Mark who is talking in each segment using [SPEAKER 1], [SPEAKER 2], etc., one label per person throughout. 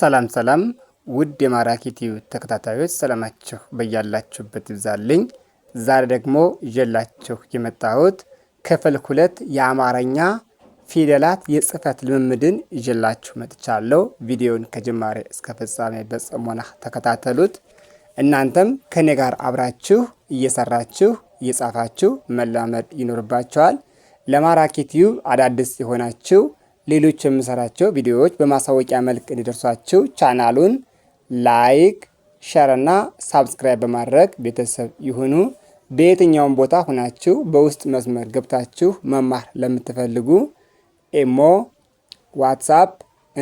[SPEAKER 1] ሰላም ሰላም ውድ የማራኪ ቲዩ ተከታታዮች ሰላማችሁ በያላችሁበት ይብዛልኝ። ዛሬ ደግሞ ይዤላችሁ የመጣሁት ክፍል ሁለት የአማርኛ ፊደላት የጽህፈት ልምምድን ይዤላችሁ መጥቻለሁ። ቪዲዮን ከጅማሬ እስከ ፍጻሜ በጽሞና ተከታተሉት። እናንተም ከኔ ጋር አብራችሁ እየሰራችሁ እየጻፋችሁ መላመድ ይኖርባችኋል። ለማራኪ ቲዩ አዳዲስ የሆናችሁ ሌሎች የምሰራቸው ቪዲዮዎች በማሳወቂያ መልክ እንዲደርሷችሁ ቻናሉን ላይክ፣ ሸር እና ሳብስክራይብ በማድረግ ቤተሰብ ይሁኑ። በየትኛውም ቦታ ሁናችሁ በውስጥ መስመር ገብታችሁ መማር ለምትፈልጉ ኤሞ፣ ዋትሳፕ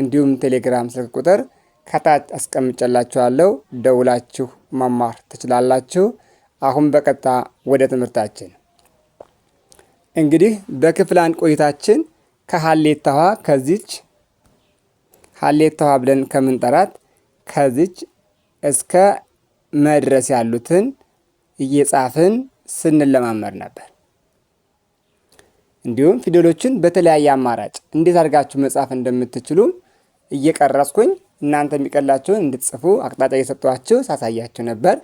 [SPEAKER 1] እንዲሁም ቴሌግራም ስልክ ቁጥር ከታች አስቀምጨላችኋለሁ። ደውላችሁ መማር ትችላላችሁ። አሁን በቀጥታ ወደ ትምህርታችን እንግዲህ በክፍል አንድ ቆይታችን ከሀሌታዋ ከዚች ሀሌታዋ ብለን ከምንጠራት ከዚች እስከ መድረስ ያሉትን እየጻፍን ስንለማመር ነበር። እንዲሁም ፊደሎችን በተለያየ አማራጭ እንዴት አድርጋችሁ መጻፍ እንደምትችሉ እየቀረጽኩኝ እናንተ የሚቀላችሁን እንድትጽፉ አቅጣጫ እየሰጧችሁ ሳሳያችሁ ነበር።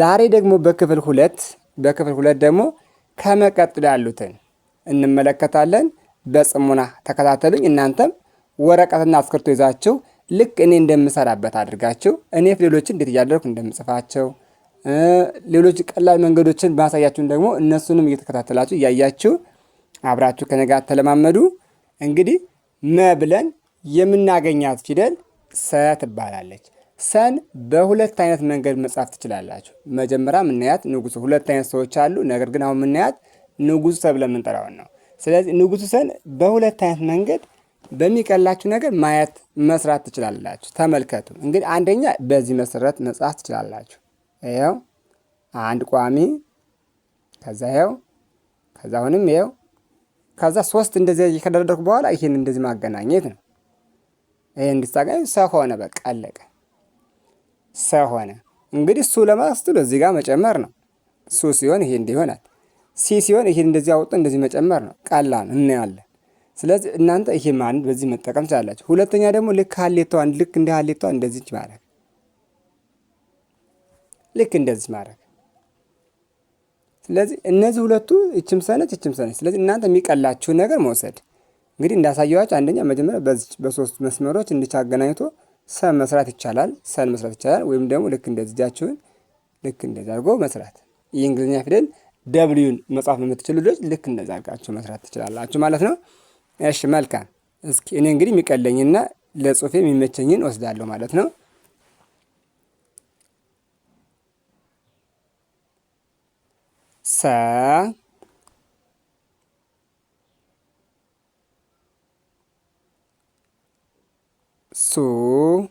[SPEAKER 1] ዛሬ ደግሞ በክፍል ሁለት በክፍል ሁለት ደግሞ ከመቀጥሎ ያሉትን እንመለከታለን። በጽሙና ተከታተሉኝ። እናንተም ወረቀትና አስክርቶ ይዛችሁ ልክ እኔ እንደምሰራበት አድርጋችሁ እኔ ፊደሎችን እንዴት እያደረኩ እንደምጽፋቸው ሌሎች ቀላል መንገዶችን ማሳያችሁን ደግሞ እነሱንም እየተከታተላችሁ እያያችሁ አብራችሁ ከነጋ ተለማመዱ። እንግዲህ መ ብለን የምናገኛት ፊደል ሰ ትባላለች። ሰን በሁለት አይነት መንገድ መጻፍ ትችላላችሁ። መጀመሪያ የምናያት ንጉሱ፣ ሁለት አይነት ሰዎች አሉ። ነገር ግን አሁን የምናያት ንጉሱ ተብለን የምንጠራውን ነው። ስለዚህ ሰን በሁለት አይነት መንገድ በሚቀላችሁ ነገር ማየት መስራት ትችላላችሁ። ተመልከቱ እንግዲህ አንደኛ በዚህ መሰረት መጽሐፍ ትችላላችሁ። ይኸው አንድ ቋሚ፣ ከዛ ይኸው፣ ከዛ አሁንም ይኸው፣ ከዛ ሶስት እንደዚህ ከደረደርኩ በኋላ ይህን እንደዚህ ማገናኘት ነው። ይህ እንዲታገኝ ሰሆነ፣ በቃ አለቀ። ሰሆነ እንግዲህ እሱ ለማስቱ እዚህ ጋር መጨመር ነው። እሱ ሲሆን ይሄ እንዲሆናል። ሲ ሲሆን ይሄን እንደዚህ አውጥቶ እንደዚህ መጨመር ነው። ቀላል እናያለን። ስለዚህ እናንተ ይሄ ማን በዚህ መጠቀም ቻላችሁ። ሁለተኛ ደግሞ ልክ ሀሌቷን ልክ እንደ ሀሌቷ እንደዚች ማድረግ ልክ እንደዚህ ማድረግ። ስለዚህ እነዚህ ሁለቱ እችም ሰነች እችም ሰነች። ስለዚህ እናንተ የሚቀላችሁ ነገር መውሰድ እንግዲህ እንዳሳየዋች አንደኛ መጀመሪያ በሶስት መስመሮች እንዲች አገናኝቶ ሰን መስራት ይቻላል፣ ሰን መስራት ይቻላል። ወይም ደግሞ ልክ እንደዚህ እጃችሁን ልክ እንደዚህ አድርጎ መስራት ይህ እንግሊዝኛ ፊደል ደብሊዩን መጻፍ የምትችሉ ልጆች ልክ እንደዛ አድርጋችሁ መስራት ትችላላችሁ ማለት ነው። እሺ መልካም። እስኪ እኔ እንግዲህ የሚቀለኝና ለጽሁፌ የሚመቸኝን ወስዳለሁ ማለት ነው። ሰ ሱ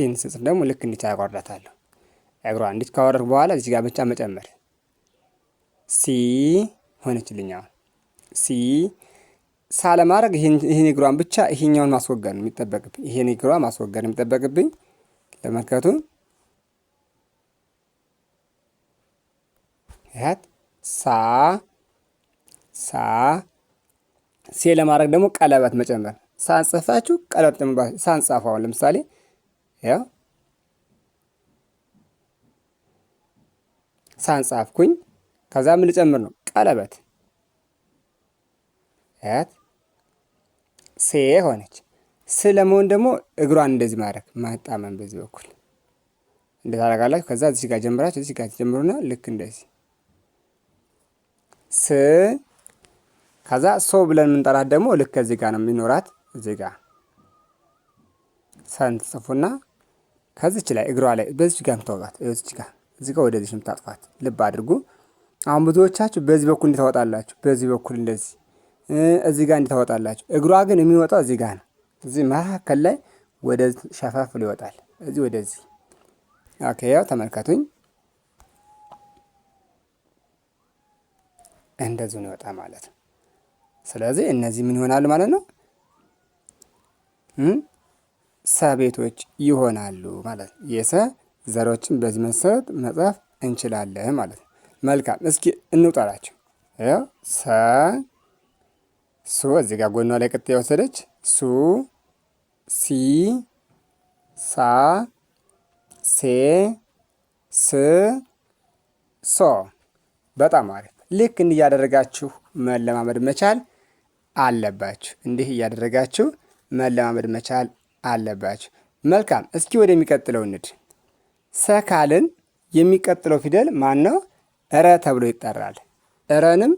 [SPEAKER 1] ሲን ስጽፍ ደግሞ ልክ እንዲት ያወርዳታለሁ። እግሯ እንዲት ካወረድኩ በኋላ እዚህ ጋር ብቻ መጨመር ሲ ሆነችልኛ። ሲ ሳ ለማድረግ ይህን እግሯን ብቻ ይሄኛውን ማስወገድ ነው የሚጠበቅብኝ። ይሄን እግሯ ማስወገድ ነው የሚጠበቅብኝ። ለመከቱ ያት ሳ ሳ ሴ ለማድረግ ደግሞ ቀለበት መጨመር ሳንጽፋችሁ ቀለበት ሳ ለምሳሌ ያው ሳንጻፍኩኝ ከዛ ምን ልጨምር ነው? ቀለበት ያት ሴ ሆነች። ስ ለመሆን ደግሞ እግሯን እንደዚህ ማድረግ ማጣመም፣ በዚህ በኩል እንደዚህ አደርጋላችሁ። ከዛ እዚህ ጋር ጀምራችሁ እዚህ ጋር ተጀምሩና ልክ እንደዚህ ስ ከዛ ሶ ብለን የምንጠራት ደግሞ ልክ እዚህ ጋር ነው የሚኖራት። እዚህ ጋር ሰን ትጽፉና ከዚች ላይ እግሯ ላይ በዚች ጋር የምታወጣት እዚች ጋር እዚ ጋር ወደዚህ የምታጥፋት ልብ አድርጉ። አሁን ብዙዎቻችሁ በዚህ በኩል እንዲታወጣላችሁ፣ በዚህ በኩል እንደዚህ እዚ ጋር እንዲታወጣላችሁ። እግሯ ግን የሚወጣው እዚ ጋር ነው። እዚህ መካከል ላይ ወደ ሸፋፍል ይወጣል። እዚህ ወደዚህ ኦኬ። ያው ተመልከቱኝ፣ እንደዚሁ ነው ይወጣ ማለት ነው። ስለዚህ እነዚህ ምን ይሆናሉ ማለት ነው? ሰቤቶች ይሆናሉ ማለት ነው። የሰ ዘሮችን በዚህ መሰረት መጻፍ እንችላለን ማለት ነው። መልካም እስኪ እንውጠራቸው። ሰ ሱ እዚህ ጋር ጎኗ ላይ ቅጥ የወሰደች ሱ ሲ ሳ ሴ ስ ሶ። በጣም አሪፍ። ልክ እንዲህ እያደረጋችሁ መለማመድ መቻል አለባችሁ። እንዲህ እያደረጋችሁ መለማመድ መቻል አለባችሁ። መልካም እስኪ ወደሚቀጥለው እንድ ሰካልን የሚቀጥለው ፊደል ማን ነው? እረ ተብሎ ይጠራል። እረንም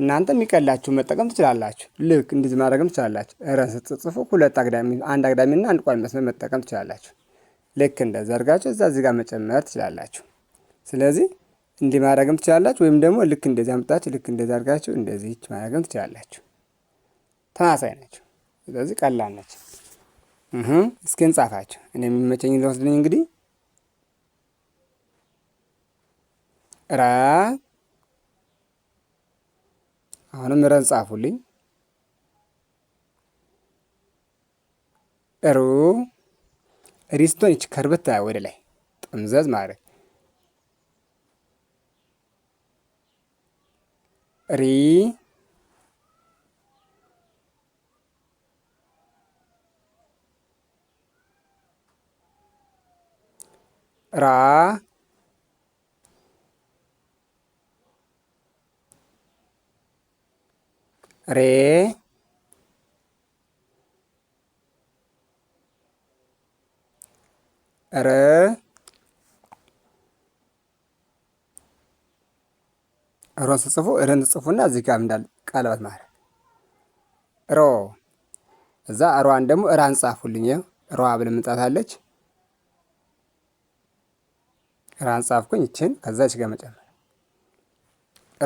[SPEAKER 1] እናንተ የሚቀላችሁ መጠቀም ትችላላችሁ። ልክ እንደዚህ ማድረግም ትችላላችሁ። እረን ስትጽፉ ሁለት አግዳሚ፣ አንድ አግዳሚና አንድ ቋሚ መስመር መጠቀም ትችላላችሁ። ልክ እንደ አድርጋችሁ እዛ እዚህ ጋር መጨመር ትችላላችሁ። ስለዚህ እንዲህ ማድረግም ትችላላችሁ። ወይም ደግሞ ልክ እንደዚህ አምጣችሁ ልክ እንደዚህ አድርጋችሁ እንደዚህ ማድረግም ትችላላችሁ። ተመሳሳይ ናቸው። ስለዚህ ቀላል ናቸው። እስኪ እንጻፋቸው እኔ የሚመቸኝ ለወስደኝ እንግዲህ ራ አሁንም ረን ጻፉልኝ። ሩ ሪስቶን ይች ከርብታ ወደ ላይ ጥምዘዝ ማድረግ ሪ ራ ሬ ር ሮን ስጽፉ ረን ስጽፉና እዚህ ጋር እንዳለ ቃለባት ማለት ሮ እዛ ሯን ደግሞ ራን ጻፉልኝ። ሯ ብለን ምንጻታለች። ራን ጻፍኩኝ። ይችን ከዛች ጋር መጨመር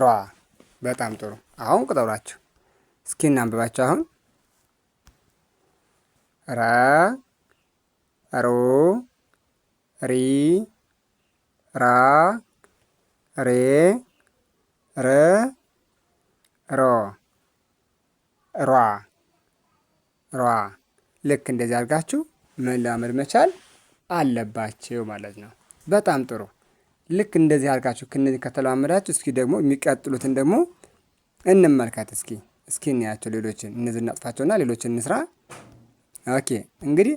[SPEAKER 1] ሯ። በጣም ጥሩ። አሁን ቁጠሯቸው እስኪ አንብባችሁ አሁን ረ ሮ ሪ ራ ሬ ረ ሮ ሯ ሯ። ልክ እንደዚህ አድርጋችሁ መላመድ መቻል አለባችሁ ማለት ነው። በጣም ጥሩ። ልክ እንደዚህ አድርጋችሁ ከነዚህ ከተለማመዳችሁ እስኪ ደግሞ የሚቀጥሉትን ደግሞ እንመልከት። እስኪ እስኪ እናያቸው ሌሎችን እነዚህ እናጥፋቸውና ሌሎችን እንስራ። ኦኬ እንግዲህ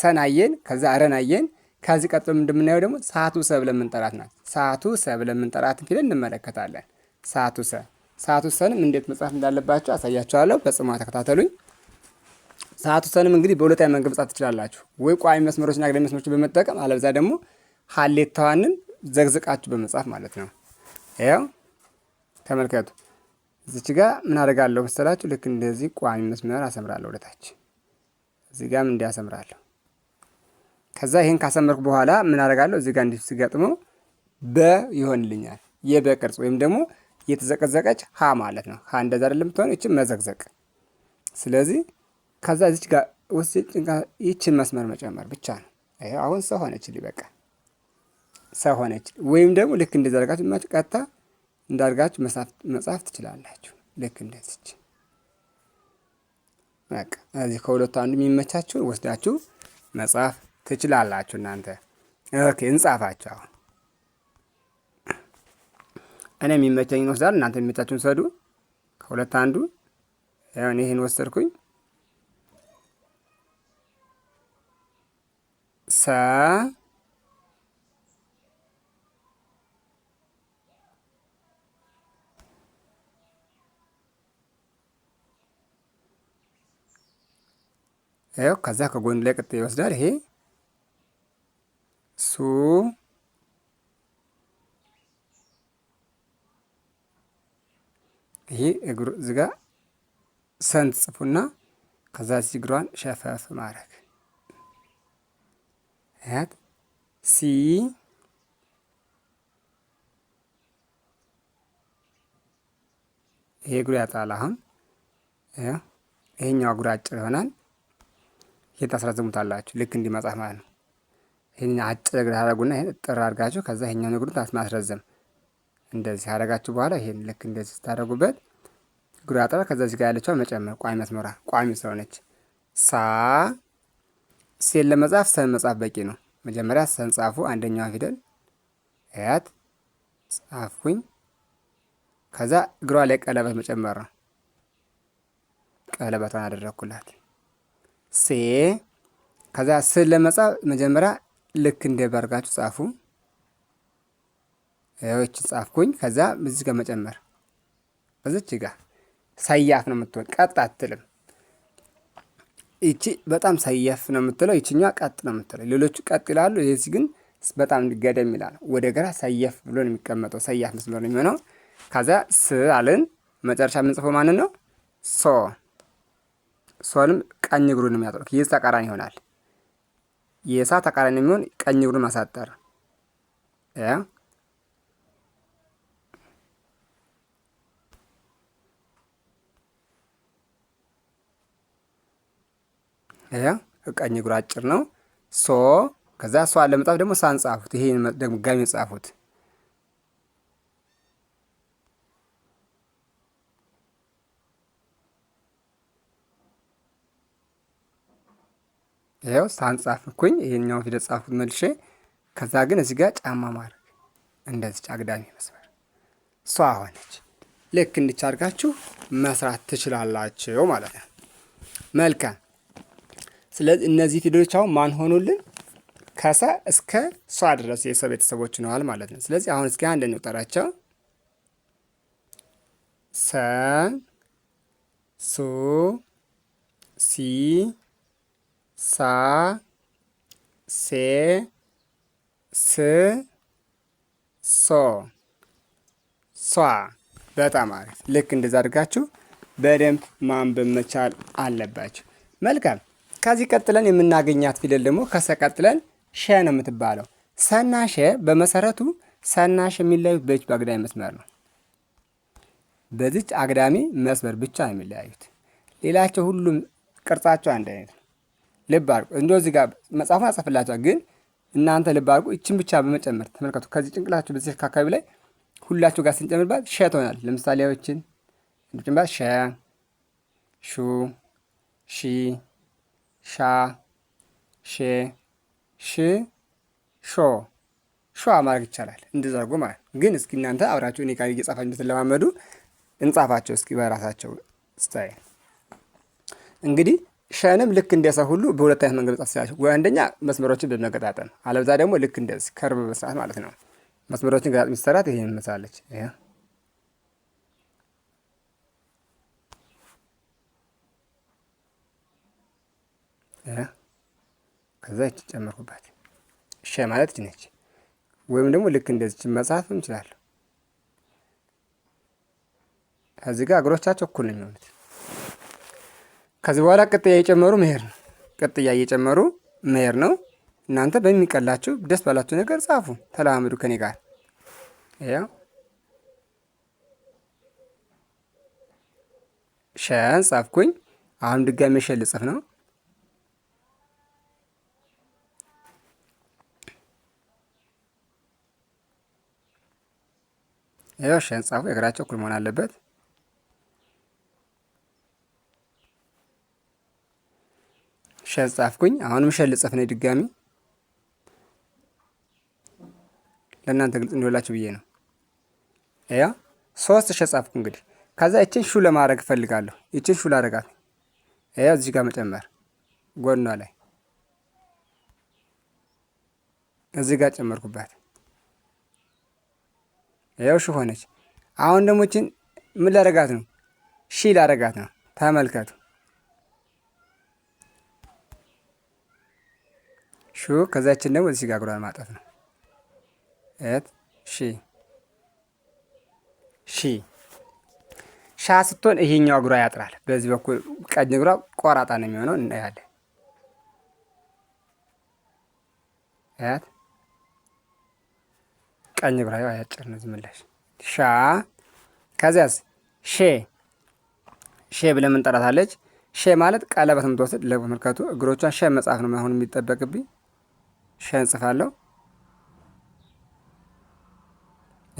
[SPEAKER 1] ሰናየን ከዛ ረናየን ከዚህ ቀጥሎ እንደምናየው ደግሞ ሳቱ ሰ ብለን የምንጠራት ናት። ሳቱ ሰ ብለን የምንጠራትን ፊደል እንመለከታለን። ሳቱ ሰ ሳቱ ሰንም እንዴት መጻፍ እንዳለባቸው አሳያቸዋለሁ። በጽሟ ተከታተሉኝ። ሰዓቱሰንም እንግዲህ በሁለት አይነት መንገድ መጻፍ ትችላላችሁ። ወይ ቋሚ መስመሮችና አግዳሚ መስመሮችን በመጠቀም አለበዛ ደግሞ ሀሌታዋንን ዘግዝቃችሁ በመጻፍ ማለት ነው። ያው ተመልከቱ፣ እዚች ጋ ምን አደርጋለሁ መሰላችሁ? ልክ እንደዚህ ቋሚ መስመር አሰምራለሁ ወደታች፣ እዚህ ጋም እንዲህ አሰምራለሁ። ከዛ ይህን ካሰመርኩ በኋላ ምን አደርጋለሁ? እዚህ ጋ እንዲህ ሲገጥመው በ ይሆንልኛል። የበ ቅርጽ ወይም ደግሞ የተዘቀዘቀች ሀ ማለት ነው። ሀ እንደዛ አይደለም ትሆን እችም መዘግዘቅ ስለዚህ ከዛ እዚች ጋር ውስጥ ይችን መስመር መጨመር ብቻ ነው። አሁን ሰው ሆነች ሊበቃ ሰው ሆነች። ወይም ደግሞ ልክ እንደዚ አድርጋችሁ ቀጥታ እንዳድርጋችሁ መጻፍ ትችላላችሁ። ልክ እንደዚች በቃ እዚህ ከሁለቱ አንዱ የሚመቻችሁን ወስዳችሁ መጻፍ ትችላላችሁ እናንተ። ኦኬ እንጻፋችሁ። አሁን እኔ የሚመቸኝን ወስዳል። እናንተ የሚመቻችሁን ሰዱ። ከሁለት አንዱ ይህን ወሰድኩኝ። ሰ ይኸው ከዛ ከጎን ላይ ቅጥ ይወስዳል። ይሄ ሱ ይሄ እግሩ ዝጋ ሰንት ጽፉና ከዛ ሲግሯን ሸፈፍ ማድረግ at sea ይሄ እግሩ ያጥራል። አሁን ይሄኛው እግሩ አጭር ይሆናል። ይሄ ታስረዝሙታላችሁ ልክ እንዲመጻፍ መጻፍ ማለት ነው። ይሄን አጭር እግር ታደርጉና ይሄን ጥር አድርጋችሁ ከዛ ይሄኛውን እግሩ ማስረዘም እንደዚህ አደረጋችሁ በኋላ ይሄን ልክ እንደዚህ ስታደርጉበት እግሩ ያጥራል። ከዛ እዚህ ጋር ያለችው መጨመር ቋሚ መስመሯ ቋሚ ስለሆነች ሳ ሴል ለመጻፍ ሰን መጻፍ በቂ ነው። መጀመሪያ ሰን ጻፉ። አንደኛዋ ፊደል አያት ጻፍኩኝ። ከዛ እግሯ ላይ ቀለበት መጨመር ነው። ቀለበቷን አደረግኩላት። ሴ ከዛ ስን ለመጻፍ መጀመሪያ ልክ እንደ ባርጋችሁ ጻፉ። ዎች ጻፍኩኝ። ከዛ እዚህ ጋር መጨመር እዚች ጋር ሰያፍ ነው የምትሆን ቀጥ አትልም። ይቺ በጣም ሰየፍ ነው የምትለው፣ ይችኛዋ ቀጥ ነው የምትለው። ሌሎቹ ቀጥ ይላሉ፣ የዚህ ግን በጣም ገደም ይላል። ወደ ግራ ሰያፍ ብሎ ነው የሚቀመጠው፣ ሰያፍ መስሎ ነው የሚሆነው። ከዚያ ስ አልን መጨረሻ የምንጽፎ ማንን ነው? ሶ ሶንም ቀኝ እግሩን የሚያጠሩ የስ ተቃራኒ ይሆናል። የሳ ተቃራኒ የሚሆን ቀኝ እግሩን ማሳጠር ቀኝ እግሩ አጭር ነው። ሶ ከዛ ሷ ለመጻፍ ደግሞ ሳን ጻፉት። ይሄን ደግሞ ጋሚ ጻፉት። ይኸው ሳንጻፍኩኝ ይሄኛውን ፊደል ጻፉት መልሼ። ከዛ ግን እዚህ ጋር ጫማ ማድረግ እንደዚህ አግዳሚ መስመር ሷ ሆነች። ልክ እንድቻርጋችሁ መስራት ትችላላችሁ ማለት ነው። መልካም ስለዚህ እነዚህ ፊደሎች አሁን ማን ሆኑልን? ከሰ እስከ ሷ ድረስ የሰ ቤተሰቦች ነዋል ማለት ነው። ስለዚህ አሁን እስኪ አንድ እንቁጠራቸው። ሰ፣ ሱ፣ ሲ፣ ሳ፣ ሴ፣ ስ፣ ሶ፣ ሷ። በጣም አሪፍ። ልክ እንደዛ አድርጋችሁ በደንብ ማንበብ መቻል አለባችሁ። መልካም ከዚህ ቀጥለን የምናገኛት ፊደል ደግሞ ከሰ ቀጥለን ሸ ነው የምትባለው። ሰና ሸ በመሰረቱ ሰና ሸ የሚለያዩት በዚች በአግዳሚ መስመር ነው። በዚች አግዳሚ መስመር ብቻ ነው የሚለያዩት። ሌላቸው ሁሉም ቅርጻቸው አንድ አይነት ነው። ልብ አድርጉ። እንዶ እዚህ ጋር መጽሐፉን አጽፍላችኋል፣ ግን እናንተ ልብ አድርጉ። ይችን ብቻ በመጨመር ተመልከቱ። ከዚህ ጭንቅላችሁ በዚህ አካባቢ ላይ ሁላችሁ ጋር ስንጨምርባት ሸ ትሆናለች። ለምሳሌዎችን ጨምርባት ሸ፣ ሹ፣ ሺ ሻ፣ ሼ፣ ሽ፣ ሾ ሾ ማድረግ ይቻላል። እንደዛ ማለት ግን እስኪ እናንተ አብራችሁ እኔ ጋር እየጻፋችሁ ብትለማመዱ እንጻፋቸው እስኪ በራሳቸው ስታይል። እንግዲህ ሸንም ልክ እንደ ሁሉ በሁለት አይነት መንገድ መጻፍ ሲላችሁ፣ ወይ አንደኛ መስመሮችን በመገጣጠም አለብዛ ደግሞ ልክ እንደዚህ ከርብ መስራት ማለት ነው። መስመሮችን ገጣጥም ሲሰራት ይሄ ይመስላለች። ከዛ ይችን ጨመርኩባት። ሸ ማለት ይች ነች። ወይም ደግሞ ልክ እንደዚች መጽሐፍ እንችላለሁ። ከዚህ ጋር እግሮቻቸው እኩል ነው የሚሆኑት። ከዚህ በኋላ ቅጥያ እየጨመሩ መሄድ ነው። ቅጥያ እየጨመሩ መሄድ ነው። እናንተ በሚቀላችሁ ደስ ባላችሁ ነገር ጻፉ፣ ተለማመዱ ከኔ ጋር ያው ሸን ጻፍኩኝ። አሁን ድጋሚ ሸ ልጽፍ ነው። ያው ሸንጻፉ የእግራቸው እኩል መሆን አለበት። ሸል ጻፍኩኝ። አሁንም ሸል ልጽፍ ነው ድጋሚ ለእናንተ ግልጽ እንዲሆላችሁ ብዬ ነው። ያ ሶስት ሸ ጻፍኩ። እንግዲህ ከዛ ይችን ሹ ለማድረግ እፈልጋለሁ። ይችን ሹ ላደረጋት ያ እዚህ ጋር መጨመር ጎኗ ላይ እዚህ ጋር ጨመርኩባት። ያው ሺ ሆነች። አሁን ደግሞ ይችን ምን ላረጋት ነው? ሺ ላረጋት ነው። ተመልከቱ። ሹ ከዛችን ደግሞ እዚህ ጋር እግሯን ማጣት ነው። እት ሺ ሺ ሻ ስትሆን ይሄኛው እግሯ ያጥራል። በዚህ በኩል ቀኝ እግሯ ቆራጣ ነው የሚሆነው። እናያለን። እት ቀኝ እግሯ አጭር ነው። ዝም ሻ ከዚያስ ሼ ሼ ብለን እንጠራታለች። ሼ ማለት ቀለበት የምትወስድ ለመልከቱ እግሮቿን ሸ መጽሐፍ ነው አሁን የሚጠበቅብኝ። ሸ እንጽፋለሁ።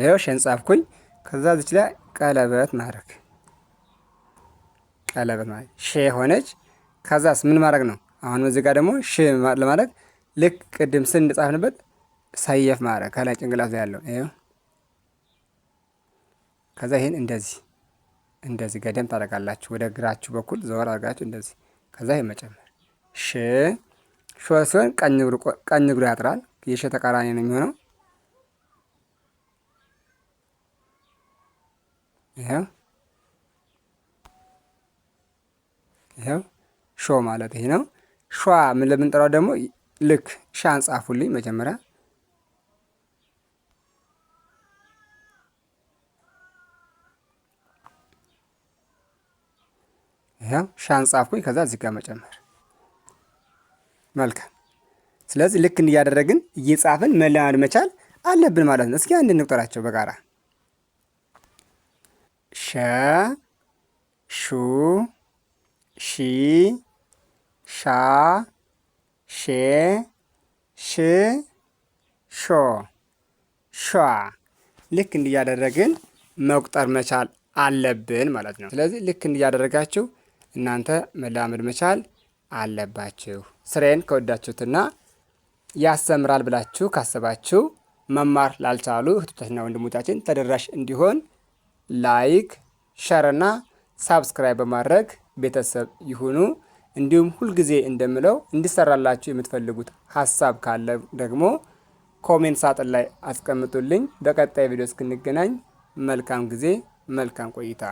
[SPEAKER 1] ይኸው ሸ እንጻፍኩኝ። ከዛ ዝች ላይ ቀለበት ማድረግ ቀለበት ማድረግ ሼ ሆነች። ከዛስ ምን ማድረግ ነው? አሁንም እዚህ ጋር ደግሞ ሼ ለማድረግ ልክ ቅድም ስን እንጻፍንበት ሰየፍ ማድረግ ከላይ ጭንቅላት ላይ ያለውን ይኸው። ከዛ ይህን እንደዚህ እንደዚህ ገደም ታደርጋላችሁ። ወደ ግራችሁ በኩል ዘወር አድርጋችሁ እንደዚህ። ከዛ ይህን መጨመር ሽ ሾ ሲሆን ቀኝ እግሩ ያጥራል። የሸ ተቃራኒ ነው የሚሆነው። ይኸው ይኸው ሾ ማለት ይሄ ነው። ሿ ምን ለምንጠራው ደግሞ ልክ ሻን ጻፉልኝ መጀመሪያ ይኸው ሻን ጻፍኩኝ። ከዛ እዚህ ጋር መጨመር። መልካም። ስለዚህ ልክ እያደረግን እየጻፍን መለማመድ መቻል አለብን ማለት ነው። እስኪ አንድ እንቁጠራቸው በጋራ ሸ ሹ ሺ ሻ ሼ ሽ ሾ ሿ። ልክ እንዲያደረግን መቁጠር መቻል አለብን ማለት ነው። ስለዚህ ልክ እንዲያደረጋችሁ እናንተ መላመድ መቻል አለባችሁ። ስራዬን ከወዳችሁትና ያስተምራል ብላችሁ ካሰባችሁ መማር ላልቻሉ እህቶቻችንና ወንድሞቻችን ተደራሽ እንዲሆን ላይክ፣ ሸርና ሳብስክራይብ በማድረግ ቤተሰብ ይሁኑ። እንዲሁም ሁልጊዜ እንደምለው እንዲሰራላችሁ የምትፈልጉት ሀሳብ ካለ ደግሞ ኮሜንት ሳጥን ላይ አስቀምጡልኝ። በቀጣይ ቪዲዮ እስክንገናኝ መልካም ጊዜ፣ መልካም ቆይታ